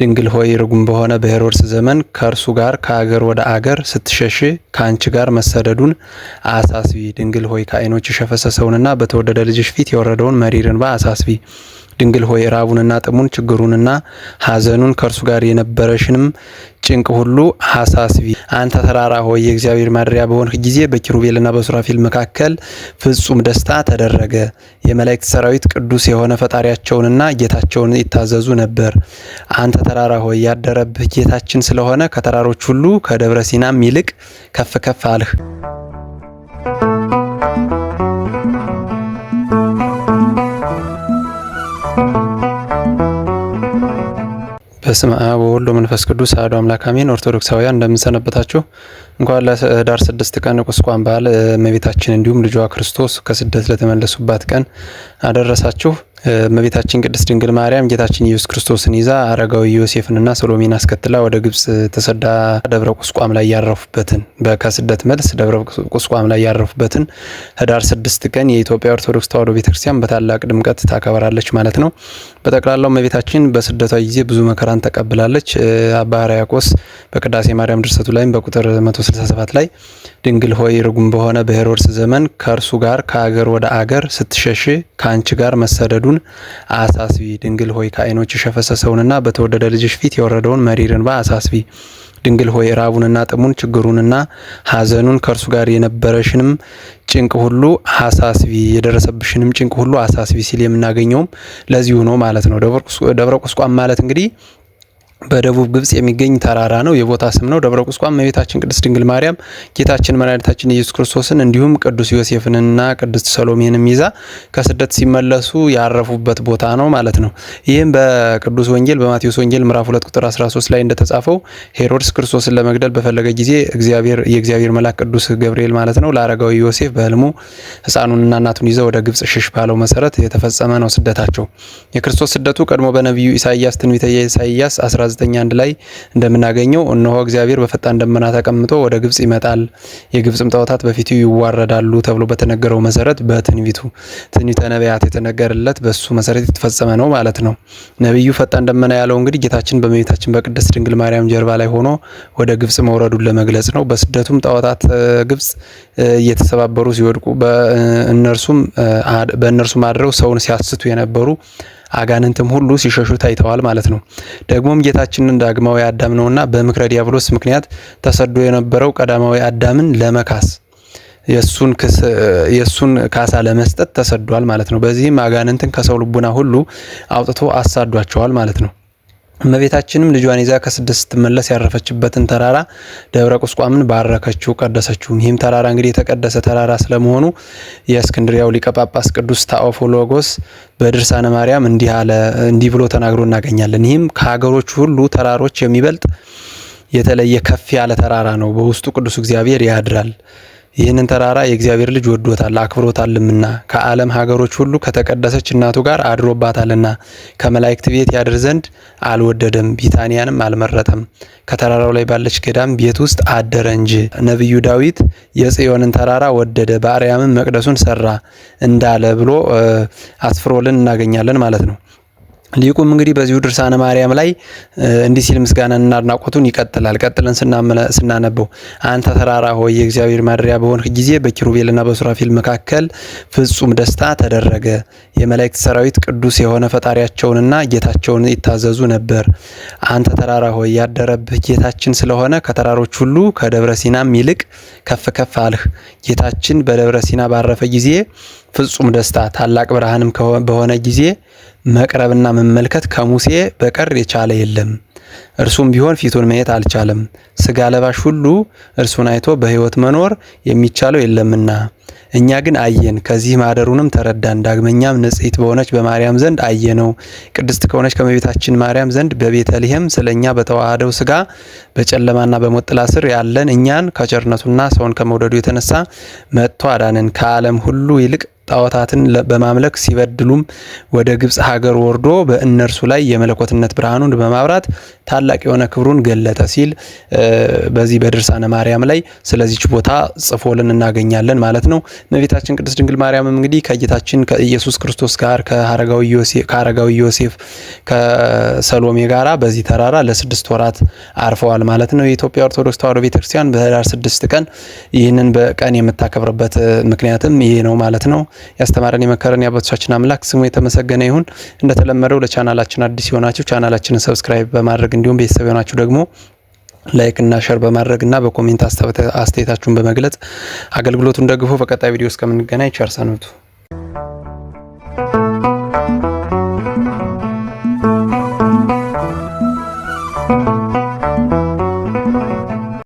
ድንግል ሆይ ርጉም በሆነ በሄሮድስ ዘመን ከእርሱ ጋር ከአገር ወደ አገር ስትሸሽ ከአንቺ ጋር መሰደዱን አሳስቢ። ድንግል ሆይ ከዓይኖችሽ የፈሰሰውንና በተወደደ ልጅሽ ፊት የወረደውን መሪር እንባ አሳስቢ። ድንግል ሆይ ራቡንና ጥሙን ችግሩንና ሐዘኑን ከእርሱ ጋር የነበረሽንም ጭንቅ ሁሉ አሳስቢ። አንተ ተራራ ሆይ የእግዚአብሔር ማደሪያ በሆንህ ጊዜ በኪሩቤልና በሱራፊል መካከል ፍጹም ደስታ ተደረገ። የመላእክት ሰራዊት ቅዱስ የሆነ ፈጣሪያቸውንና ጌታቸውን ይታዘዙ ነበር። አንተ ተራራ ሆይ ያደረብህ ጌታችን ስለሆነ ከተራሮች ሁሉ ከደብረ ሲናም ይልቅ ከፍ ከፍ አልህ። በስም አብ ወወልድ መንፈስ ቅዱስ አሐዱ አምላክ አሜን። ኦርቶዶክሳውያን እንደምንሰነበታችሁ። እንኳን ለኅዳር ስድስት ቀን ቁስቋም በዓል እመቤታችን እንዲሁም ልጇ ክርስቶስ ከስደት ለተመለሱባት ቀን አደረሳችሁ። እመቤታችን ቅድስት ድንግል ማርያም ጌታችን ኢየሱስ ክርስቶስን ይዛ አረጋዊ ዮሴፍንና ሰሎሜን አስከትላ ወደ ግብጽ ተሰዳ ደብረ ቁስቋም ላይ ያረፉበትን ከስደት መልስ ደብረ ቁስቋም ላይ ያረፉበትን ህዳር ስድስት ቀን የኢትዮጵያ ኦርቶዶክስ ተዋሕዶ ቤተክርስቲያን በታላቅ ድምቀት ታከብራለች ማለት ነው። በጠቅላላው እመቤታችን በስደቷ ጊዜ ብዙ መከራን ተቀብላለች። አባ ሕርያቆስ በቅዳሴ ማርያም ድርሰቱ ላይም በቁጥር 167 ላይ ድንግል ሆይ ርጉም በሆነ በሄሮድስ ዘመን ከእርሱ ጋር ከአገር ወደ አገር ስትሸሽ ከአንቺ ጋር መሰደዱ መንገዱን አሳስቢ። ድንግል ሆይ ከዓይኖችሽ የፈሰሰውንና በተወደደ ልጅሽ ፊት የወረደውን መሪር እንባ አሳስቢ። ድንግል ሆይ ራቡንና ጥሙን ችግሩንና ሐዘኑን ከእርሱ ጋር የነበረሽንም ጭንቅ ሁሉ አሳስቢ የደረሰብሽንም ጭንቅ ሁሉ አሳስቢ ሲል የምናገኘውም ለዚሁ ነው ማለት ነው። ደብረ ቁስቋም ማለት እንግዲህ በደቡብ ግብጽ የሚገኝ ተራራ ነው። የቦታ ስም ነው። ደብረ ቁስቋም እመቤታችን ቅድስት ድንግል ማርያም ጌታችን መድኃኒታችን ኢየሱስ ክርስቶስን እንዲሁም ቅዱስ ዮሴፍንና ቅድስት ሰሎሜንም ይዛ ከስደት ሲመለሱ ያረፉበት ቦታ ነው ማለት ነው። ይህም በቅዱስ ወንጌል በማቴዎስ ወንጌል ምዕራፍ 2 ቁጥር 13 ላይ እንደተጻፈው ሄሮድስ ክርስቶስን ለመግደል በፈለገ ጊዜ እግዚአብሔር የእግዚአብሔር መልአክ ቅዱስ ገብርኤል ማለት ነው ለአረጋዊ ዮሴፍ በህልሙ ህፃኑንና እናቱን ይዘው ወደ ግብጽ ሽሽ ባለው መሰረት የተፈጸመ ነው ስደታቸው። የክርስቶስ ስደቱ ቀድሞ በነቢዩ ኢሳይያስ ትንቢተ ኢሳይያስ 29 አንድ ላይ እንደምናገኘው እነሆ እግዚአብሔር በፈጣን ደመና ተቀምጦ ወደ ግብጽ ይመጣል፣ የግብጽም ጣዖታት በፊቱ ይዋረዳሉ ተብሎ በተነገረው መሰረት በትንቢቱ ትንቢተ ነቢያት የተነገረለት በሱ መሰረት የተፈጸመ ነው ማለት ነው። ነቢዩ ፈጣን ደመና ያለው እንግዲህ ጌታችን በእመቤታችን በቅድስት ድንግል ማርያም ጀርባ ላይ ሆኖ ወደ ግብጽ መውረዱን ለመግለጽ ነው። በስደቱም ጣዖታት ግብጽ እየተሰባበሩ ሲወድቁ በእነርሱም አድረው ሰውን ሲያስቱ የነበሩ አጋንንትም ሁሉ ሲሸሹ ታይተዋል ማለት ነው። ደግሞም ጌታችንን ዳግማዊ አዳም ነውና በምክረ ዲያብሎስ ምክንያት ተሰዶ የነበረው ቀዳማዊ አዳምን ለመካስ የእሱን ካሳ ለመስጠት ተሰዷል ማለት ነው። በዚህም አጋንንትን ከሰው ልቡና ሁሉ አውጥቶ አሳዷቸዋል ማለት ነው። እመቤታችንም ልጇን ይዛ ከስደት ስትመለስ ያረፈችበትን ተራራ ደብረ ቁስቋምን ባረከችው፣ ቀደሰችው። ይህም ተራራ እንግዲህ የተቀደሰ ተራራ ስለመሆኑ የእስክንድሪያው ሊቀ ጳጳስ ቅዱስ ታኦፎሎጎስ በድርሳነ ማርያም እንዲህ አለ፣ እንዲህ ብሎ ተናግሮ እናገኛለን። ይህም ከሀገሮች ሁሉ ተራሮች የሚበልጥ የተለየ ከፍ ያለ ተራራ ነው፣ በውስጡ ቅዱስ እግዚአብሔር ያድራል። ይህንን ተራራ የእግዚአብሔር ልጅ ወዶታል አክብሮታልምና ከዓለም ሀገሮች ሁሉ ከተቀደሰች እናቱ ጋር አድሮባታልና ከመላእክት ቤት ያድር ዘንድ አልወደደም፣ ቢታንያንም አልመረጠም። ከተራራው ላይ ባለች ገዳም ቤት ውስጥ አደረ እንጂ። ነቢዩ ዳዊት የጽዮንን ተራራ ወደደ፣ በአርያምን መቅደሱን ሰራ እንዳለ ብሎ አስፍሮልን እናገኛለን ማለት ነው። ሊቁም እንግዲህ በዚሁ ድርሳነ ማርያም ላይ እንዲህ ሲል ምስጋናና አድናቆቱን ይቀጥላል። ቀጥለን ስናነበው አንተ ተራራ ሆይ የእግዚአብሔር ማደሪያ በሆንህ ጊዜ በኪሩቤልና በሱራፊል መካከል ፍጹም ደስታ ተደረገ። የመላእክት ሰራዊት ቅዱስ የሆነ ፈጣሪያቸውንና ጌታቸውን ይታዘዙ ነበር። አንተ ተራራ ሆይ ያደረብህ ጌታችን ስለሆነ ከተራሮች ሁሉ ከደብረ ሲናም ይልቅ ከፍ ከፍ አልህ። ጌታችን በደብረ ሲና ባረፈ ጊዜ ፍጹም ደስታ ታላቅ ብርሃንም በሆነ ጊዜ መቅረብና መመልከት ከሙሴ በቀር የቻለ የለም። እርሱም ቢሆን ፊቱን ማየት አልቻለም። ስጋ ለባሽ ሁሉ እርሱን አይቶ በሕይወት መኖር የሚቻለው የለምና፣ እኛ ግን አየን፣ ከዚህ ማደሩንም ተረዳን። ዳግመኛም ንጽሕት በሆነች በማርያም ዘንድ አየነው። ቅድስት ከሆነች ከመቤታችን ማርያም ዘንድ በቤተልሔም ስለ እኛ በተዋህደው ስጋ በጨለማና በሞት ጥላ ስር ያለን እኛን ከቸርነቱና ሰውን ከመውደዱ የተነሳ መጥቶ አዳንን። ከዓለም ሁሉ ይልቅ ጣዖታትን በማምለክ ሲበድሉም ወደ ግብፅ ሀገር ወርዶ በእነርሱ ላይ የመለኮትነት ብርሃኑን በማብራት ታላቅ የሆነ ክብሩን ገለጠ ሲል በዚህ በድርሳነ ማርያም ላይ ስለዚች ቦታ ጽፎልን እናገኛለን ማለት ነው። እመቤታችን ቅድስት ድንግል ማርያምም እንግዲህ ከጌታችን ከኢየሱስ ክርስቶስ ጋር ከአረጋዊ ዮሴፍ ከሰሎሜ ጋራ በዚህ ተራራ ለስድስት ወራት አርፈዋል ማለት ነው። የኢትዮጵያ ኦርቶዶክስ ተዋሕዶ ቤተክርስቲያን በህዳር ስድስት ቀን ይህንን በቀን የምታከብርበት ምክንያትም ይሄ ነው ማለት ነው። ያስተማረን የመከረን የአባቶቻችን አምላክ ስሙ የተመሰገነ ይሁን። እንደተለመደው ለቻናላችን አዲስ የሆናችሁ ቻናላችንን ሰብስክራይብ በማድረግ እንዲሁም ቤተሰብ የሆናችሁ ደግሞ ላይክ እና ሸር በማድረግ እና በኮሜንት አስተያየታችሁን በመግለጽ አገልግሎቱን ደግፎ በቀጣይ ቪዲዮ እስከምንገናኝ ቸር ሰንብቱ።